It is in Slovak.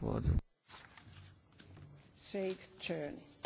schôdzu. Safe journey.